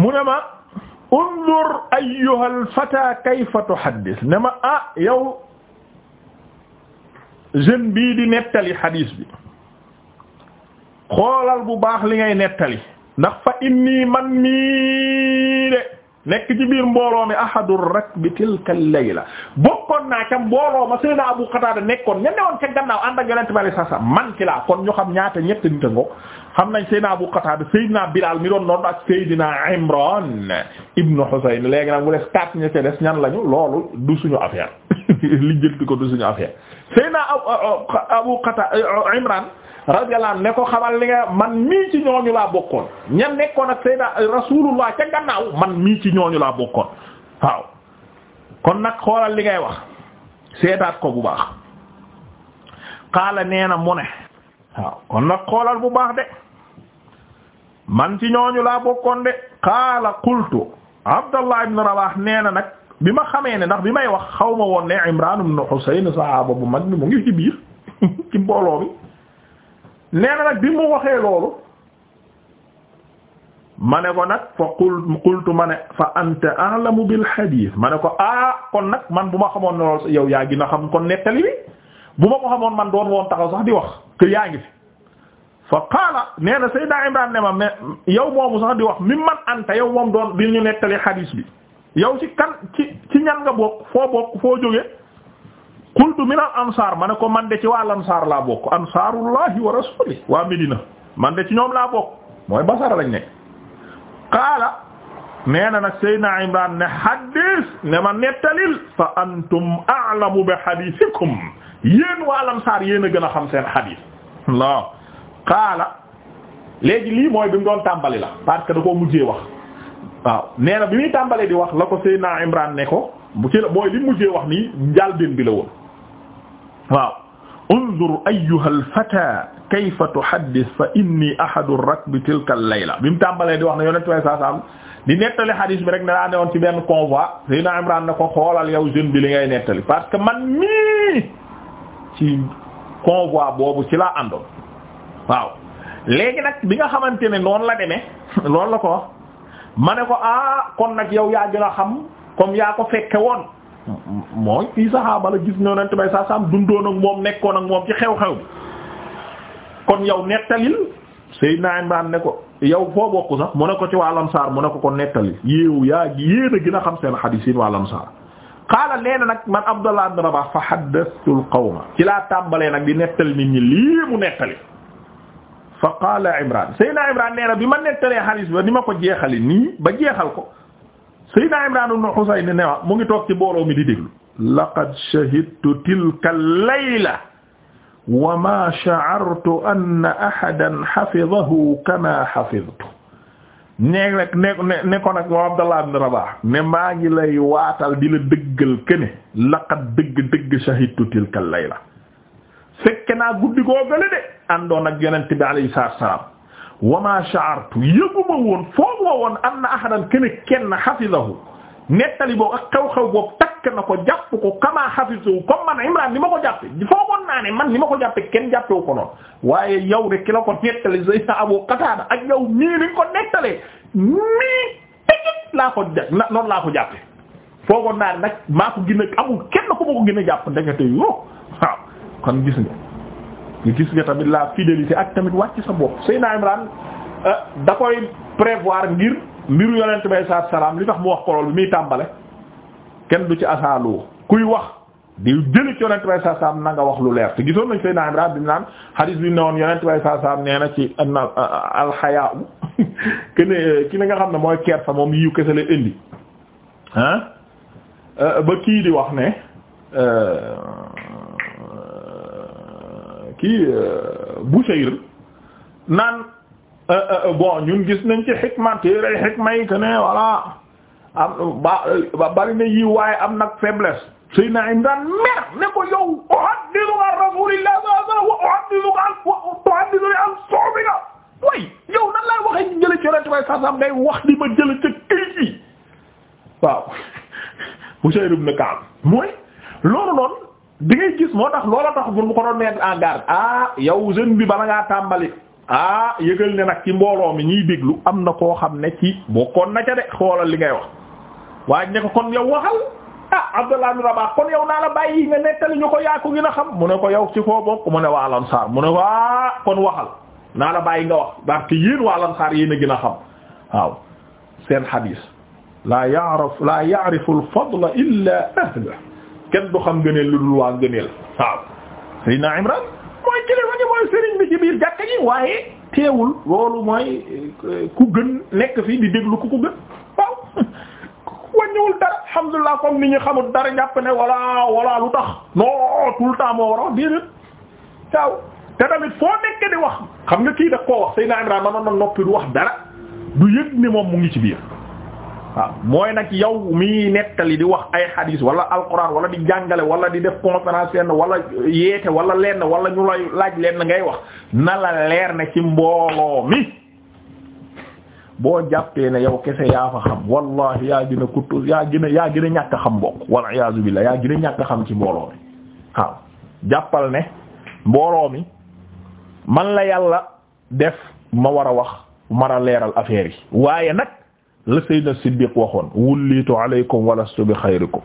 mu ne ma unzur ayyuha alfata kayfa tuhaddis ne ma ah yow jeune bii di nettali xadiis bi xoolal bu baax li ngay nettali ndax fa inni man mii de nekk ci biir mbooloo mi ahadu rakbi tilka layla bokkoon naa ca mbooloo ma Seydina Abu Qatada nekkoon ña newoon ca gannaaw ànd ak yonent bi sa sa man ci kon ñu xam ñaata ñett nit a xam nañ Seydina Abu Qatada Seydina Bilal mi doon noonu ak Seydina Imran ibnu Husayn léegi nag mu des quatre ña ca des ñan lañu loolu du suñu affaire li jëlti ko du suñu affaire Seydina Abu euh, euh, Qatada euh, Imran radiyallahu ne ko xamal li nga man mii ci ñooñu laa bokkoon ña nekkoon ak sayda rasulullah ca gannaaw man mii ci ñooñu laa bokkoon waaw kon nag xoolal li ngay wax seetaat ko bu baax kaala nee na mu ne kon nag xoolal bu baax de man ci ñooñu laa bokkoon de xaala kultu abdallah ibn rawax nee na nag bi ma xamee ne ndax bi may wax xaw ma woon ne imran ibn husayn sahaaba bu mag bi mu ngi ci biir mbooloo bi nee nag bi mu waxee loolu ma ne ko nag fa qul qultu ma ne fa ant anta a'lamu bil hadith ma ne ko ah kon nag man bu ma xamoon ne loolu yow yaa gën xam kon nettali bu ma ko xamoon man doon woon sax di wax que yaa ngi fi fa qaala nee na Seydina Imraan ne ma mais yow moomu sax di wax mi man ant yow moom doon di ñu nettali hadith bi yow ci kan ci ci ñan nga bokk foo bokk foo jóge qultu min al ansar ma ne ko man de ci waa al ansar laa bokk ansaarullahi wa rasuli waa Medina man de ci ñoom laa bokk mooy basara lañ nekk qaala nee na nag Seydina Imran ne xaddis ne ma nettalil fa antum a'lamu bi xadiisikum yéen waa al yéen a gën a xam seen xadiis la qaala léegi lii mooy bi mu doon tàmbali la parce que da koo mujjee wax waaw nee na bi muy tàmbali di wax la ko Seydina Imran ne ko bu ci la mooy li mujjee wax nii njàlbéen bi la woon waaw unzur ayyuha al-fata kayfa tuhaddith fa inni ahadu rakbi tilka al-layla bi mu tàmbalee di wax ne yonent way saa di nettali hadis bi rek ne ande newoon ci benn convoi Seydina Imran na ko xoolal yow jeune bi li ngay nettali parce que man mii ci convoi boobu ci la àndoon waaw léegi nag bi nga xamante ne noonu la demee loolu la ko ma ne ko ah kon nag yow yaa gën a xam comme yaa ko fekke woon mooy fii saxaaba la gis ne yonent bay saa saam dundoon ak moom nekkoon ak moom ci xew-xew bi kon yow nettalil na Imraan ne ko yow foo bokk sax mu ne ko ci waa Ansaar mu ne ko ko nettalil yéew yaa yéen a gën a xam seen xadiis yi waa Ansaar xaala nee na nag man Abdullah ibn Rabah fa haddathtul qawma ci laa tàmbalee nag di nettali nit ñi lii mu nettali fa qaala Imraan Seydina Imraan nee na bi ma nettalee xadiis ba ni ma ko jeexali nii ba jeexal ko Seydina Imraan ibn Husayn ne wa mu ngi toog ci booloo mi di déglu laqad shahidtu tilka layla wa ma sha'artu anna ahadan hafizahu kama hafiztu neeg nag ne ne ko nag moom Abdallah ibn Rabah ne maa ngi lay waatal di la dëggal kene laqad dëgg dëgg shahidtu tilka layla fekke naa guddi goo gële de àndoon ak yonent bi alayhi salaam wama sha'artu yëguma woon foogu ma woon anna ahadan ken kenn hafizahu nettali boobu ak xew-xew boobu takk na ko jàpp ko kama hafizahu comme man Imran ni ma ko jàppe foogoon naa man ni ma ko jàppe kenn jàppewu ko noonu waaye yow de ki la ko nettali Sayyidina Abu Qatada ak yow mii ko nettalee mii tëjët laa ko ja laa ko jàppe foogoon naa nag maa ko gën a amul kenn ku ko gën a jàpp ndekete yoo waaw kon gis gis nga tamit la fidélité ak tamit wàcc sa bopp Seydina Imran euh, da koy prévoir ngir mbiru yonent bay saa salaam li tax mu wax ko bi muy tàmbale kenn du ci asaaloo kuy wax di jëli ci yonent bay saa salaam na wax lu leer te gisoon nañ Seydina Imran bi mu naan hadis bi ne yonent bay saa salaam nee na ci na alxayaa ki ne euh, ki ne nga xam ne mooy kersa moom yiw kese la indi ah ba kii di wax ne. kii euh, Bushayr naan euh, euh, bon ñun gis nañ ci xikma téere xikma yi que ne am ba bari na yi waaye am nag faiblesse Seydina Imran mer ne ko yow uhaddisu an Rasulillah sallallahu alayhi wa sallam wa uhaddisu an wa uhaddisuni an su'bika way yow nan laay waxee ñu jële ci wax di ma jële ca waaw Bushayr ibn Ka'b mooy loolu noonu bi ngay moo tax loola tax pour mu ko doon mettre en garde ah yow jeune bi bala ngaa tàmbali ah yëgal ne nag ci mbooloo mi ñuy déglu am na koo xam ne ci bokkoon na ca de xoolal li ngay wax waaye ne ko kon yow waxal ah Abdullah ibn Rabah kon yow naa la bàyyi nga nettali ñu ko yaa ko gën a xam mu ne ko yow ci foo bokk mu ne waa Ansaar mu ne ko ah kon waxal naa la nga wax parce que yéen waa Ansaar yéen a gën a xam waaw seen xadiis la ya'rif la ya'rifu al-fadla kenn du xam ngëneel lu dul waa ngëneel waaw Seydina Imran mooy kilifa gi mooy sëriñ bi ci biir jàkka ji waaye teewul loolu mooy eh, ku gën nekk fi di déglu ku ko gën waaw wàññiwul dara alhamdulilah comme ni ñu xamul dara jàpp ne wala wala lu tax non tout le temps moo war a wax déedéet waaw te tamit foo nekk di wax xam nga kii da koo wax Seydina Imran ma noon noppi du wax dara du yëg ni moom mu ngi ci biir waaw mooy nag yow mi nettali di wax ay xadiis wala alquran wala di jàngale wala di def conférence lenn wala yeete wala lenn wala ñu lay laaj lenn ngay wax na la leer ne ci mbooloo mi boo jàppee ne yow kese yaa fa xam wallahi yaa gën a kuttu yaa gën a ñàkk xam bokk wal iyaazu billah yaa gën a ñàkk xam ci mbooloo mi waaw jàppal ne mbooloo mi man la yàlla def ma war a wax a leeral affaire yi waaye nag la Seydina Siddiq waxoon wullitu alaykum walastu bi xayrikum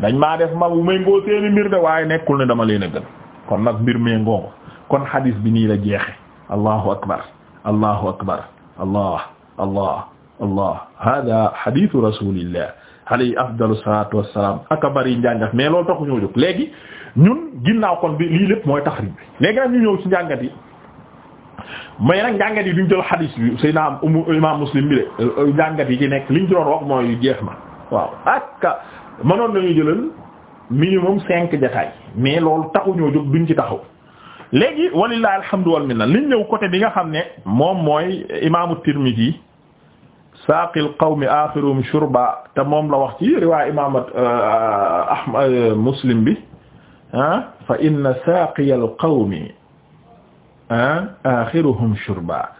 dañ maa def ma bu may ngoo seeni mbir de waaye nekkul ne dama leen a gën kon nag mbir mee ngoo kon xadis bi nii la jeexe allahu akbar allahu akbar allah allah allah hada hadithu rasulillah alayhi afdalu salatu wassalam aka bari njàngat mais loolu taxu ñoo jóg léegi ñun ginnaaw kon bi lii lépp mooy taxrib bi léegi ñu ñëw ci njàngat yi mooy nag njàngat yi duñ jël xadiis bi Seydina imam Muslim bi de euh, njàngat yi ci nekk liñ ci doon wax mooy jeex na waaw ak mënoon nañu jëlal minimum cinq jataay mais loolu taxuñoo jóg duñ ci taxaw léegi walillahi alhamdu wal minna liñ ñëw côté bi nga xam ne moom mooy imaamu Tirmidhi saaqil qawmi axirum shurba te moom la wax ci riwaay imaam euh, Ahmad euh, Muslim bi ah fa inna saaqiyal qawmi axiruhum shurba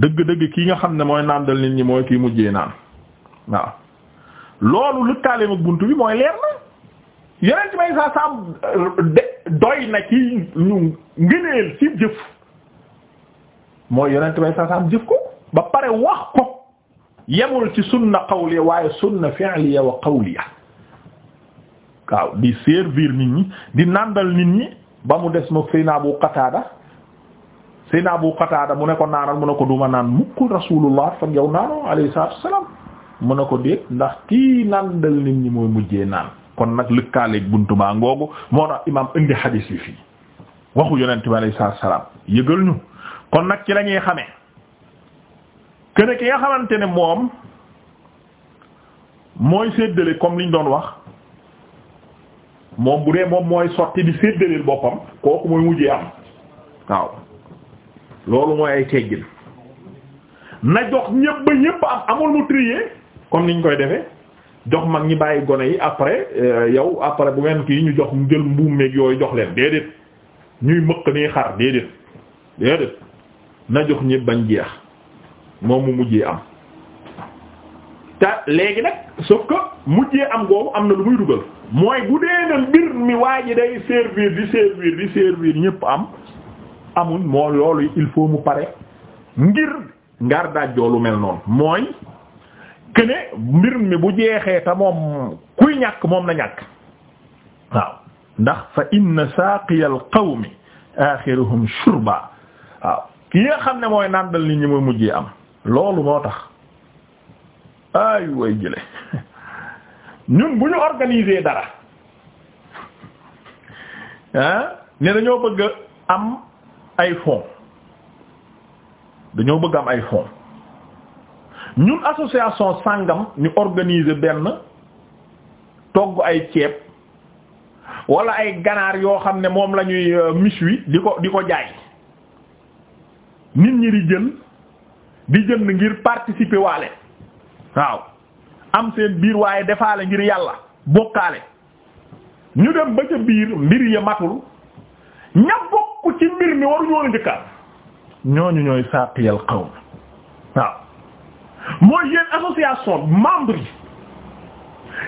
dëgg-dëgg kii nga xam ne mooy nàndal dal nit ñi mooy kii mujjee naan waaw loolu lëkkaaleem ak bunt bi mooy leer na yeneen ci may saa doy na ci ñu ngëneel ci jëf mooy yeneen ci may saa jëf ko ba pare wax ko yemul ci sunna qawliya waaye sunna fi'liya wa qawliya waaw di servir nit ñi di nàndal nit ñi ba mu des ma fëy naa bu Qataada Seydina Abu Qatada mu ne ko naanal mu ne ko duma naan mukk Rasulullah fag yow naanoo alayhi salaatu mu ne ko déet ndax kii naan dal nit ñi mooy mujjee naan kon nag lëkkaaleeg buntu baa ngoogu moo tax imaam indi xadiis bi fii waxu yonent bi alayhi salaatu wassalaam yëgal ñu kon nag ci la ñuy xamee kene ki nga xamante ne moom mooy séddale comme liñ doon wax moom bu dee moom mooy sotti di séddaleel boppam kooku mooy mujjee am waaw loolu mooy ay teggin na jox ñëpp ba ñëpp am amul mu trier comme niñ koy defee jox mag ñi bàyyi gone yi après euh, yow après bu ngeen ki ñu jox mu jël mbuum meeg yooyu jox leen déedéet ñuy mëq nii xar déedéet na jox ñëpp bañ jeex moom mu mujjee am te léegi nag sauf que mujjee am googu am na lu muy dugal mooy bu dee na mbir mi waa ji day servir di servir di servir ñëpp am amul moo loolu il faut mu pare ngir ngaar lu mel noonu mooy këne mbir mi bu jeexee te moom kuy ñàkk moom na ñàkk waaw ndax fa inna saaqiyal qawmi axiruhum shurba waaw ki nga xam ne mooy nàndal nit ñi mooy mujjee am loolu moo tax ay way jële ñun bu ñu organiser dara ne dañoo bëgg am ay dañoo bëgg am ay fonds ñun association sàngam ñu organise benn togg ay ceeb wala ay ganaar yoo xam ne moom lañuy ñuy euh, miche wi di ko di ko jaay nit ñi di jënd di jën ngir participer waale waaw am seen biir waaye defaale ngir yàlla bokkaale ñu dem ba biir mbir ya matul ña bokk ci mbir mi waru ñoo njëkkaat ñooñu ñooy saqiyal qawm waaw mooy yéen association membre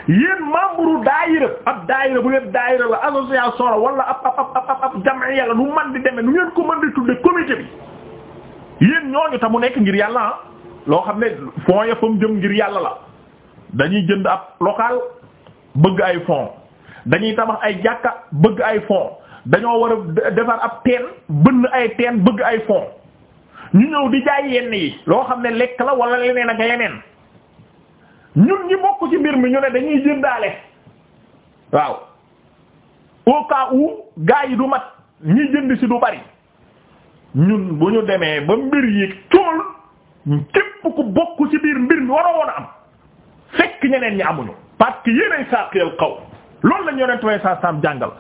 yi yéen membre daayira ab daayira bu ngeen daayira la association la wala ab ab ab ab jamiya la nu man di demee nu ngeen ko mën di tudde comité bi yéen ñooñu ta mu nekk ngir yàlla ah. loo xam ne fonds ya fa mu jëm ngir yàlla la dañuy jënd ab local bëgg ay fonds dañuy tabax ay jàkka bëgg ay fonds dañoo war a defar ab teen bënn ay teen bëgg ay fond ñu ñëw di jaay yenn yi loo xam ne lekk la wala leneen ak yeneen ñun ñi bokk ci mbir mi ñu ne dañuy jëndaale waaw au cas gaa yi du mat ñi jënd ci du bari ñun bu ñu demee ba mbir yi cool képp ku bokk ci biir mbir mi waroo woon am fekk ñeneen ñi amuñu parce que sa saaqeel xaw loolu lañ yonent way sa sam jàngal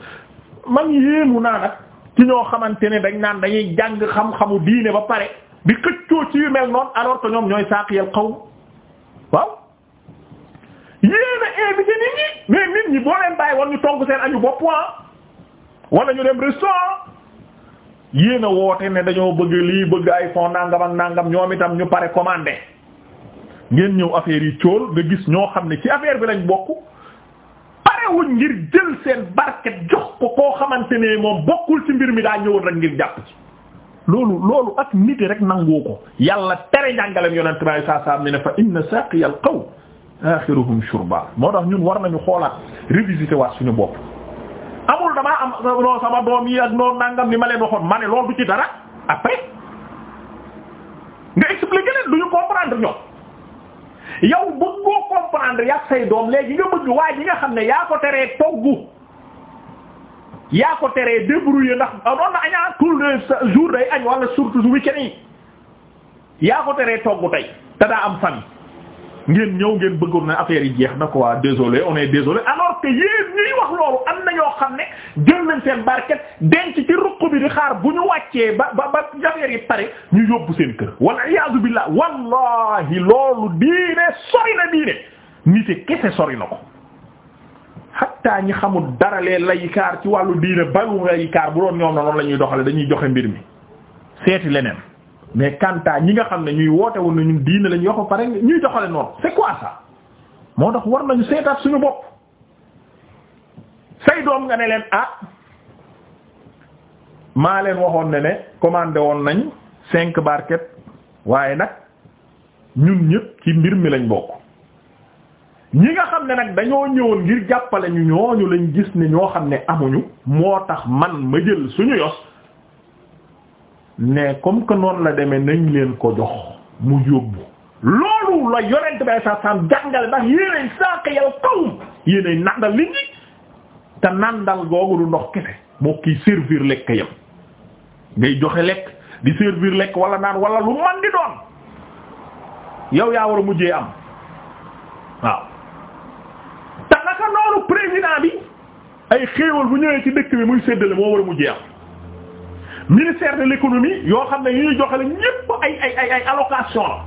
man yéemu naa nag ci ñoo xamante ne dañ naan dañuy jàng xam-xamu diine ba pare bi xëccoo ci yu mel noonu alors que ñoom ñooy xaw xawm waaw yéena invité nit ñi mais nit ñi boo leen bàyyi woon ñu togg seen añu bopp ah, wala ñu dem restaurant yéen a woote ne dañoo bëgg lii bëgg iPhone nangam ak nangam ñoom itam ñu pare commandé ngeen ñëw affaire yi cool nga gis ñoo xam ne ci affaire bi lañ bokk parewuñ ngir jël seen barke jox ko koo xamante ne moom bokkul ci mbir mi daa ñëwul rek ngir jàpp ci loolu loolu ak nit rek nangoo ko yàlla tere njàngalem yonent bi saa saa mi ne fa inna saaqiya al qawm axiruhum shurba moo tax ñun war nañu xoolaat revisiter suñu bopp amul damaa am non sama doom yi ak noonu nangam ni ma leen waxoon ma ne loolu du ci dara après nga expliquer leen duñu comprendre ñoom ànd yàq say doom léegi nga bëgg waaye ñi nga xam ne yaa ko teree toggu yaa ko teree débrouiller ndax doon na añaa tout le jour day añ wala surtout su yi yaa ko teree toggu tey te daa am fan ngeen ñëw ngeen bëggoon na affaire yi jeex na quoi désolé on est désolé alors que yéen ñuy wax loolu am na ñoo xam ne jël nañ seen barket denc ci ruq bi di xaar bu ñu wàccee ba ba ba affaire yi pare ñu yóbbu seen kër wal iyaazu billah wallahi loolu diine sori nite kese sori na ko xatta ñi xamul dara lee lay layikaar ci wàllu diine bariwul layikaar bu doon ñoom na noonu la ñuy doxale dañuy joxe mbir mi seeti leneen mais kanta ñi nga xam ne ñuy wootewu ne ñun diine lañu wax ba pare ñuy doxale noonu c'est quoi moo tax war nañu seetaat suñu bopp say doom nga ne leen ah maa leen waxoon ne ne commandé woon nañ cinq barquettes waaye nag ñun ñëpp ci mbir mi lañ bokk ñi nga xam ne nag dañoo ñëwoon ngir jàppale ñu ñooñu lañ gis ne ñoo xam ne amuñu moo tax man ma jël suñu yos ne comme que noonu la demee nañ leen ko jox mu yóbbu loolu la yonent bi sa sam jàngale ndax yéenay saaqiyal qawm yéenay nàndal nit ñi te nàndal googu du ndox kese moo kiy servir lekk yam ngay joxe lekk di servir lekk wala naan wala lu man doon yow yaa war a mujjee am waaw yow président bi ay xéewal bu ñëwee ci dëkk bi muy séddale moo war a mu jeex ministère de l'économie yoo xam ne yu ñuy joxale ñépp ay ay ay allocation la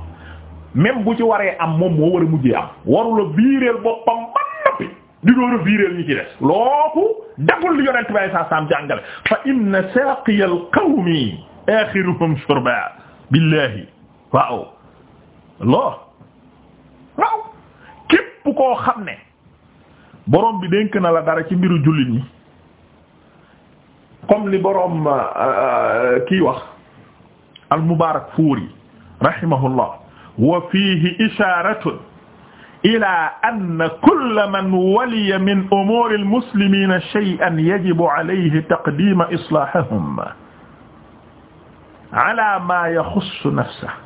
même bu ci waree am moom moo war a mujjee am warula biireel boppam man noppi di door a biireel ñi ci des looku dagul li yonent bay sa sam jàngale fa inna saqiyal qawmi axiruhum shurba billahi waaw loo waaw képp koo xam ne borom bi dénk na la dara ci mbiru jullit ñi comme li borom euh, euh, kii wax al mubaarak fuuri rahimahullah wa fiihi ishaaratun ilaa anna kulla man waliya min umuuri al-muslimiina shay'an yajibu alayhi taqdiimu islaahihim alaa maa yaxussu nafsahu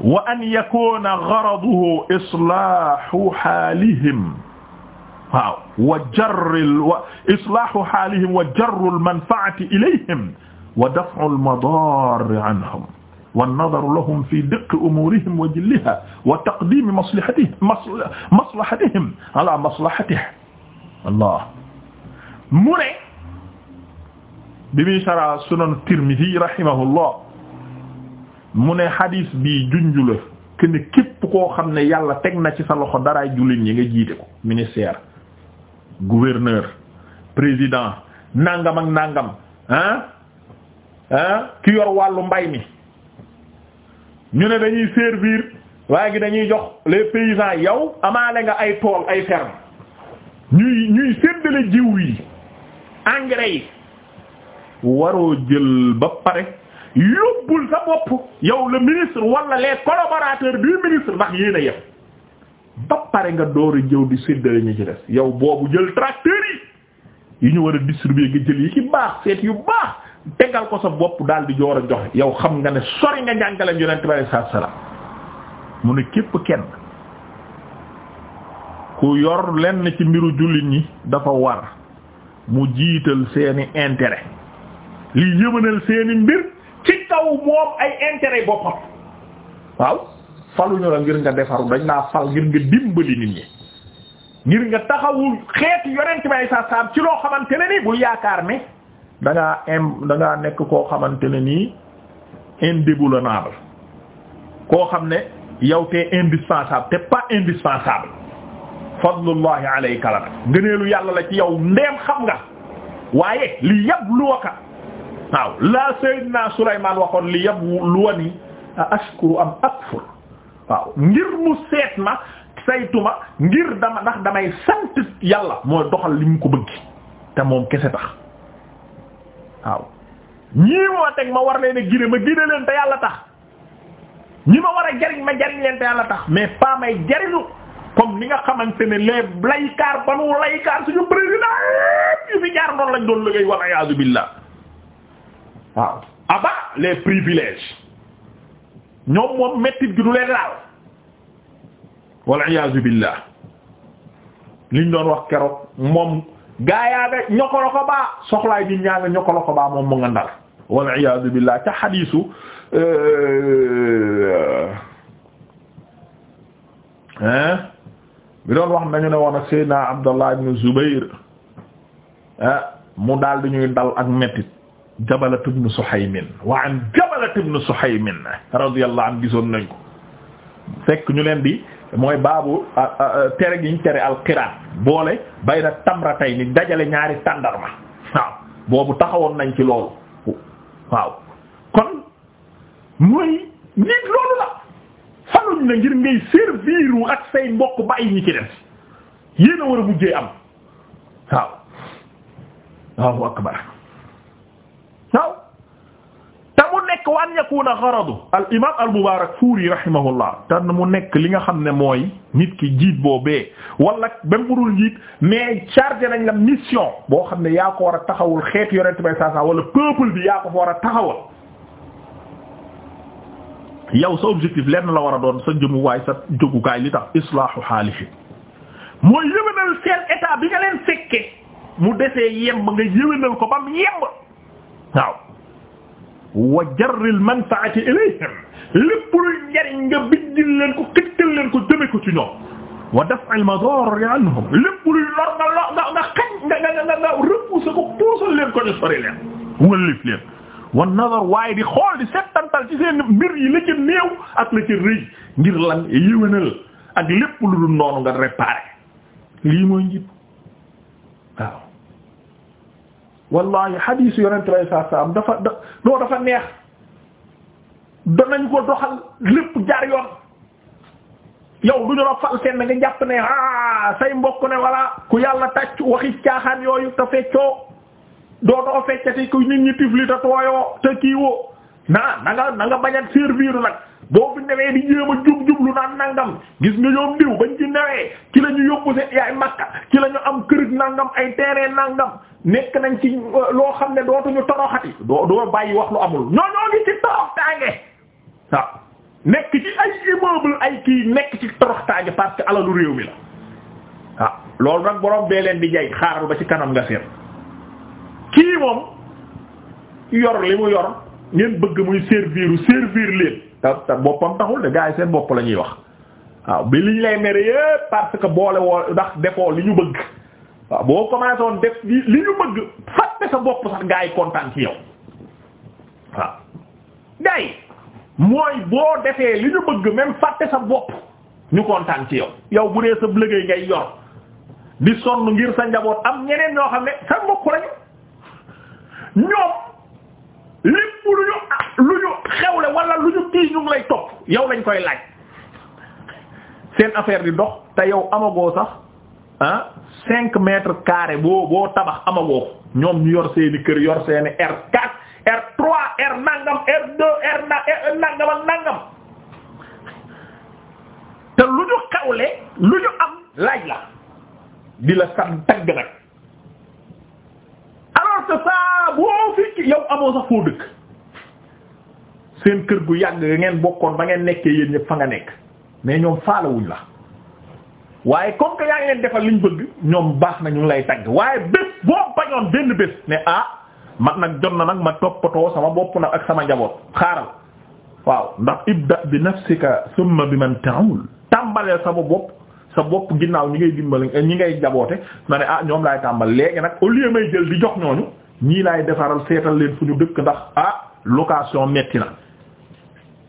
wa an yakuna garaduhu islaahu xaalihim waaw wa jarril wa islaahu xaalihim wa jarrul manfaati ilayhim wa daf'ul madaarri anhum wan nadaru lahum fi diqqi umuurihim wa jillihaa wa taqdiimi maslahatihim maslahatihim alaa maslahatihim Allah mu ne bi muy sara sunan Tirmidi rahimahullah mu ne hadis bi junjula que ne képp koo xam ne yàlla teg na ci sa loxo daraay jullit ñi nga jiite ko ministère gouverneur président nangam ak nangam ah ah ki yor wàllu mbay mi ñu ne dañuy servir waaye gi dañuy jox les paysans yow amaale nga ay tool ay ferme ñuy ñuy séddale jiw yi engrais yi waroo jël ba pare yóbbul sa bopp yow la ministre wala les collaborateurs du ministre ndax yéen yem ba pare nga door a jëw di séddale ñu ci des yow boobu jël tracteurs yi yi ñu war a distribuer nga jël yi ci baax seet yu baax tegal ko sa bopp daal di joor a joxe yow xam nga ne sori nga njàngaleem yonent bi sallallahu alayhi mu ne képp kenn ku yor lenn ci mbiru jullit ñi dafa war mu jiital seeni intérêt li yëmanal seeni mbir ci kaw moom ay intérêt boppam waaw faluñu la ngir nga defaru dañ laa fal ngir nga dimbali nit ñi ngir nga taxawul xeeti yonent bay sa saam ci loo xamante ne nii bul yaakaar ne da ngaa im nekk koo xamante ne nii indéboulonnable koo xam ne yow te indispensable te pas indispensable fadlullahi alayka la nag ngëneelu yàlla la ci yow ndeem xam nga waaye li yabluwaka waaw la Seydina Souleymane waxoon li yabluwani a ashkuru am akfur waaw ngir mu seet ma saytu ma ngir dama ndax damay sant yàlla mooy doxal li mu ko bëgg te moom kese tax waaw ñii woo teg ma war leen a gine ma gine leen te yàlla tax ñi ma war a jariñ ma jariñ leen te yàlla tax mais pas may jariñu comme ni nga xamante ne les laykaar banu laykaar suñu président yëpp yu fi jaar noonu lañ doon liggéey wal iyaazu billah waaw abat les privilèges ñoom moom mettit gi du leen laal wal iyaazu billah liñ doon wax keroog moom gaayaa nga ñokkolo ko soxlaay di ñaa nga ñokkolo ko moom mu nga ndar wal iyaazu billah ca xadiisu euh, hein bi doon wax nañu ne woon ak Seydina Abdallah ibn Zubayr mu daal di ñuy dal ak mettit Jabalat ibn Suhaymin wa an Jabalat ibn Suhaymin radiyallahu gisoon nañ ko fekk ñu leen bi mooy baabu tere gi ñu tere alqiraan boole bayna tamratayni dajale ñaari tàndarma boobu taxawoon nañ ci loolu waaw kon mooy nit loolu la faluñ na ngir ngay serviru ak say mbokk bàyyi ñi ci def yéen a war a mujjee am waaw waaw akbar waaw mu nekk wa an yakuna gharadu al imam al mubarak fuuri rahimahullah te mu nekk li nga xam ne mooy nit ki jiit boobee wala même mu dul jiit mais chargé nañ la mission boo xam ne yaa ko war a taxawul xeet yonent bay saa saa wala peuple bi yaa fa war a taxawal yow sa objectif lenn la war a doon sa jëmuwaay sa jógukaay li tax islaahu xaalihi mooy yëwénal seen état bi nga leen fekke mu desee yemb nga yëwénal ko bam yemb waa wa jarril manfaati ilayhim lépp luy njariñ nga biddil leen ko xëccal leen ko jëme ko ci ñoom wa daf'al madaar anhum lépp luy lor nga lo nga nga xañ nga nga leen ko ñu sori leen wëllif leen wa nazar waaye di xool di settantal ci seen mbir yi la ca néew ak la ca rëy ngir lan yéwénal ak lépp lu dul noonu wallahi xadiisu yonent lay saa saa am dafa da dafa neex danañ ko doxal lépp jaar yoon yow du ñu la fal seen nga jàpp ne ah say mbokk ne walla ku yàlla tàcc waxi caaxaan yooyu te feccoo doo doo feccati ku nit ñi tifli te tooyoo te kiiwoo naa na nga na nga a nag boo fi newee di jéem a jub jublu naan nangam gis nga ñoom diw bañ ci newee ci la ñu yóbbu seen yaay makka ci la ñu am kërit nangam ay terrain nangam nekk nañ ci euh, loo xam ne dootuñu toroxati doo doo bàyyi wax lu amul ñoo ñoo ngi ci toroxtaange nekk ci ay immeuble ay kii nekk ci toroxtaange parce que alalu réew mi la waaw loolu nag borom bee leen di jay xaaral ba ci kanam nga seet kii moom yor li mu yor ngeen bëgg muy servir servir leen. te boppam taxul de gars yi seen bopp la ñuy wax waaw bi liñ lay mere yépp parce que boole woo ndax defoo li ñu bëgg waaw boo commencé woon def li ñu bëgg fàtte sa bopp sax gars yi kontaan ci yow waaw gars mooy boo defee li ñu bëgg même fàtte sa bopp ñu kontaan ci yow yow bu dee sa liggéey ngay yor di sonn ngir sa njaboot am ñeneen ñoo xam ne sa mbokk lañu ñoom lépp lu ñu ah, lu ñu xewle wala lu ñu kii lay topp yow lañ koy laaj seen affaire di dox te yow amagoo sax ah cinq mètres carrés boo tabax amagoo ñoom ñu yor seeni kër yor seeni R4 R3 R nangam R2 R na R te lu ñu xewle lu ñu am laaj la di la sant tagg nag. parce que saa boo fi yow amoo sax foo dëkk seen kër gu yàgg ngeen bokkoon ba ngeen nekkee yéen ñëpp fa nga nekk mais ñoom faalawuñ la waaye comme que yaa ngi defal liñ bëgg ñoom baax na ñu ngi lay tagg waaye bés boo bañoon benn bés ne ah man nag jot na nag ma toppatoo sama bopp nag ak sama njaboot xaaral waaw ndax ibda bi nafsika thumma bi man ta'ul tàmbaleel sama bopp sa bopp ginnaaw ñi ngay dimbali eh, ñi ngay jaboote ma ne ah ñoom laay tàmbal léegi nag au lieu may jël di jox ñooñu ñii laay defaral seetal leen fu ñu dëkk ndax ah location metti na.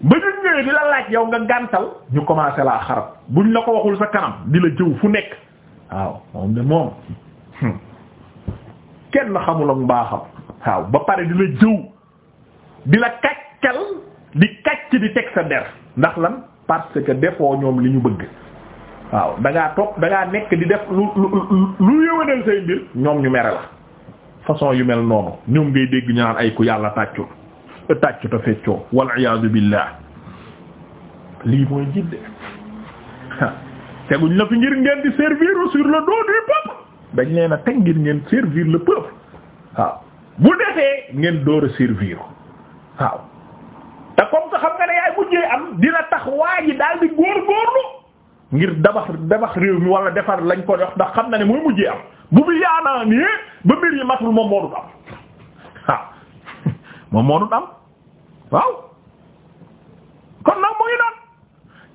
ba ñu ñëwee di la laaj yow nga gàntal ñu commencé laa xarab buñ la ko waxul sa kanam di la jëw fu nekk waaw moom de moom hmm. kenn xamul ak mbaaxam waaw ba pare di la jëw di la kàccal di kàcc di teg sa der ndax lan parce que defoo ñoom li ñu bëgg. waaw da ngaa topp da nekk di def lu lu lu yëwénal say mbir ñoom ñu mere la façon yu mel noonu ñoom ngay dégg ñu naan ay ku yàlla tàccu tàccu te feccoo wal iyaadu billah lii mooy jidde teguñ la fi ngir ngeen di servir sur le dos du peuple dañ leen a teg ngir ngeen servir le peuple waaw bu defee ngeen door a servir waaw te comme que xam nga ne yaay mujjee am dina tax waa ji daal di góorgóorlu ngir dabax dabax réew mi wala defar lañ ko wax ndax xam na ne mooy mujjee am bu bi yaanaa ni ba mbir yi matul moom moo dut am waaw ah. moom moo am waaw kon nag mu ngi doon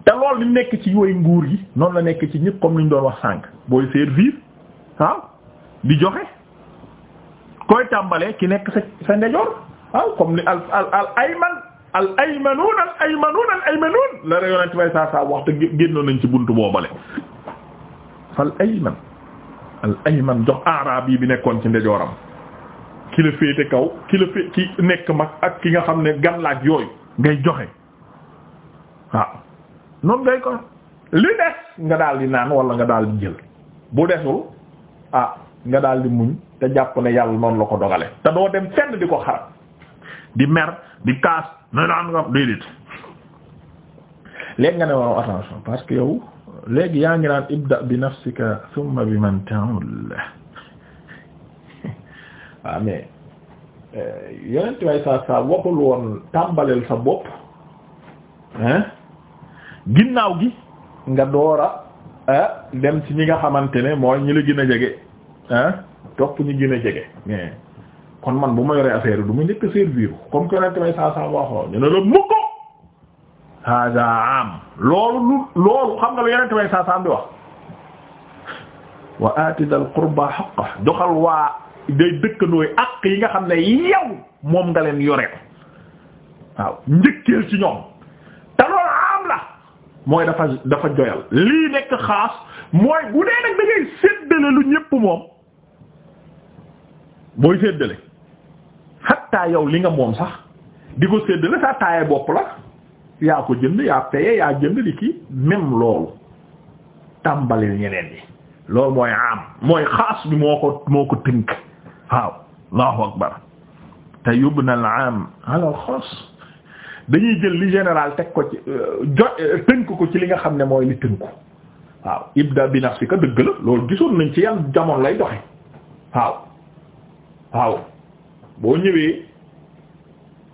te loolu ni nekk ci woy nguur yi noonu la nekk ci ñëpp comme li ñu doon wax sànq booy servir waaw di joxe koy tàmbalee ki nekk sa sa ndejoor waaw comme ni al al al ayman al aymanuun al aymanuun al aymanuun la la yonent bay saa saa waxtu génnoon nañ ci buntu boobale fal ayman al ayman jox aaraab yi bi nekkoon ci ndejooram ki la féete kaw ki la fé ki nekk mag ak ki nga xam ne gan laaj yooyu ngay joxe waaw noonu ngay ko li des nga daal di naan wala nga daal di jël bu desul ah nga daal di muñ te jàpp ne yàlla noonu la ko dogale te doo dem fenn di ko xarat di mer di kaas na am nga déedéet léegi nga ne waaw attention parce que yow léegi yaa ngi naan ibda bi nafsika thumma bi man ta'ul waaw mais yeneen way saa saa waxul woon tàmbaleel sa bopp hein ginnaaw gi nga doora euh, dem ci ñi nga xamante ne mooy ñi la gën a jege hein topp ñi gën a jege mais kon man bu ma yoree affaire yi du ma njëkk servir comme que yonent may saa saa waxoon ñu loolu xam nga lu yonent may saa saa am di wax wa aati qurba haqqa joxal waa day dëkkandooy ak yi nga xam ne yow moom nga leen yore waaw njëkkeel ci ñoom te loolu am la mooy dafa dafa joyal lii nekk xaas mooy bu dee nag séddale lu ñépp moom booy séddale hatta yow li nga moom sax di ko séddale sa taaye bopp la yaa ko jënd yaa paye yaa jënd di kii même loolu tàmbalil ñeneen yi loolu mooy am mooy xaas bi moo ko moo ko tënk waaw allahu akbar te yubna al am ala xaas dañuy jël li général teg ko ci euh, euh, tënk ko ci li nga xam ne mooy li tënku waaw ibda bi nafsika dëgg la loolu gisoon nañ ci yan jamono lay doxe waaw waaw boo ñëwee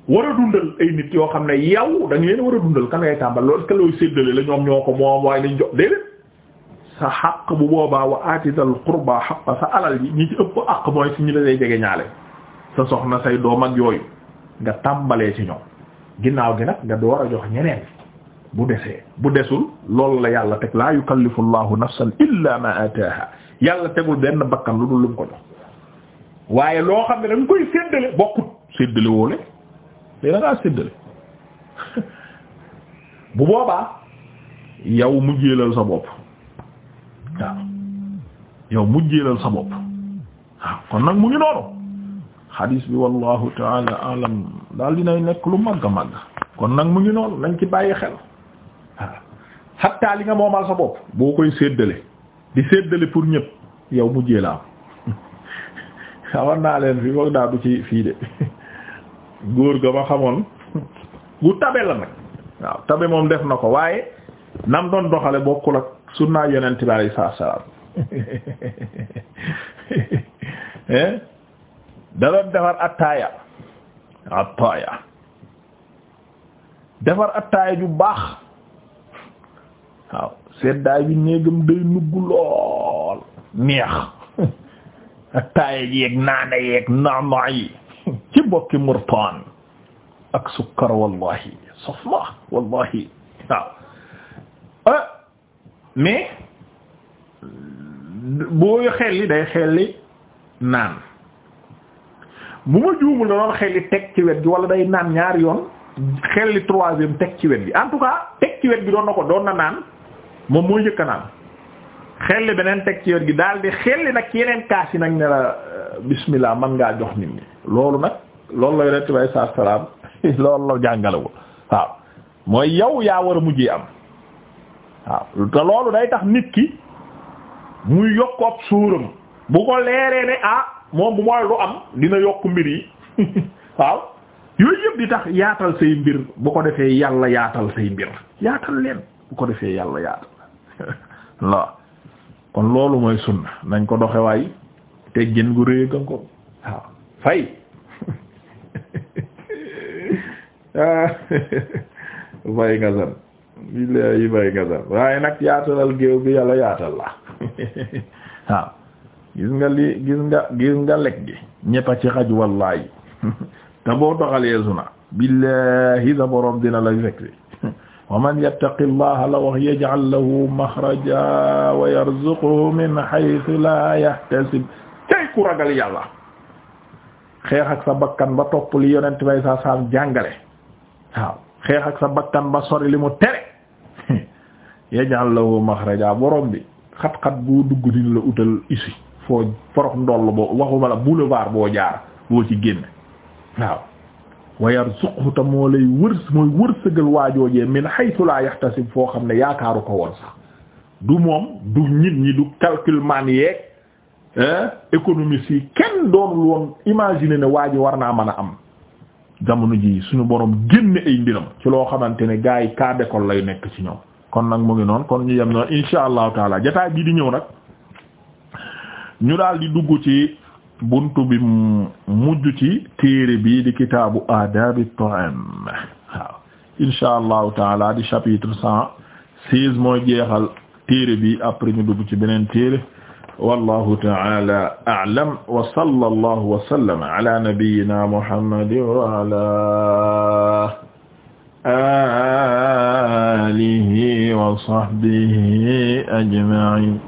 war dundal ay nit yoo xam ne yow dañ leen war a dundal kan ngay tàmbal loolu est-ce que looy séddale la ñoom ñoo ko moom waaye nañ jox déedéet sa xaq bu boobaa wa aatidal qurba xaq sa alal yi ñi ci ëpp àq mooy si ñu la lay jege ñaale sa soxna say doom ak yooyu nga tàmbalee ci ñoom ginnaaw gi nag nga door a jox ñeneen bu desee bu desul loolu la yàlla teg laa yukallifu allahu nafsan illa ma ataaha yàlla tegul benn bakkan lu dul lu ko jox waaye loo xam ne da nga koy séddale bokkut séddale woole da dangaa séddale bu boobaa yow mujjeelal sa bopp waaw yow mujjeelal sa bopp kon nag mu ngi noonu xadiis bi wallahu taala alam daal dinay nekk lu màgg a màgg kon nag mu ngi noonu nañ ci bàyyi xel waaw li nga moomal sa bopp boo koy séddale di séddale pour ñëpp yow mujjee la am xawoon naa leen fi foog daa du ci fii de góor ga ma xamoon gu tabe la nag waaw tabe moom def na ko waaye nam doon doxale bokkul su naa yonent bi a salaam eh? da doon defar attaaya attaaya defar attaaya ju baax waaw seddaay bi néegam day nugg lool neex ak taaya yeeg naana yeeg naana yi ci bokki murtaan ak sukkar wallahi safla wallahi waaw ah, mais booy xelli day xelli naan bu ma juumul da doon xelli teg ci wet gi wala day naan ñaari yoon xelli troisième teg ci wet gi en tout ka teg ci wet gi doon na ko doon na naan moom mooy njëkk naan xelli beneen teg ci yoon gi daal di xelli nag yeneen kaas yi nag ne la euh, bismillah man ngaa jox nit ñi loolu nag loolu lay yonent bi saa salaam loolu la jàngalewul waaw mooy yow yaa war a mujjee am waaw te loolu day tax nit ki muy yokk ab suuram bu ko leeree ne ah moom bu mooy lu am dina yokk mbir yi waaw yooyu yëpp di tax yaatal say mbir bu ko defee yàlla yaatal say mbir yaatal leen bu ko defee yàlla yaatal la kon loolu mooy sunna nañ ko doxe waay teggin gu rëy ka ko waaw fay fay nga san billahi yi fay nga san waaye nag yaatalal géew bi yàlla yaatal la waaw gis nga li gis nga gis nga lekk gi ñëpp a ci xaj wallahi te boo doxalee sunna billahi sa borom dina la fekk si wa man yattaqi llaha la yaj'al lahu maxraja wa yarzuqhu min haythu la yahtasib tey ku ragal yàlla xeex ak sa bakkan ba topp li yonent bay sa saam jàngale waaw xeex ak sa bakkan ba sori li mu tere yaj'al lahu maxraja borom bi xat-xat boo dugg dina la utal isi foo forox ndoll boo waxuma la boulevard boo jaar boo ci génn waaw wa yarzuqhu te moo lay wërs mooy wërsëgal waajoojee min haythu la yahtasib foo xam ne yaakaaru ko woon sax du moom du nit ñi du calcul man yeeg économiste si kenn doonul woon imaginer ne waa ji war naa mën a am jamono ji suñu borom génn ay mbiram ci loo xamante ne gars yi cas d'école lay nekk ci ñoom kon nag mu ngi noon kon ñu yem noonu insha allahu taala jataay bii di ñëw nag ñu daal di dugg ci buntu bi mujj ci téere bii di kitaabu adaabi ta'am waaw insha allahu taala di chapitre cent seize mooy jeexal téere bi après ñu dugg ci beneen téere wallahu taala a'lam wa sallallahu wa sallama ala nabiyyina muhammadin wa ala alihi wa sahbihi ajma'in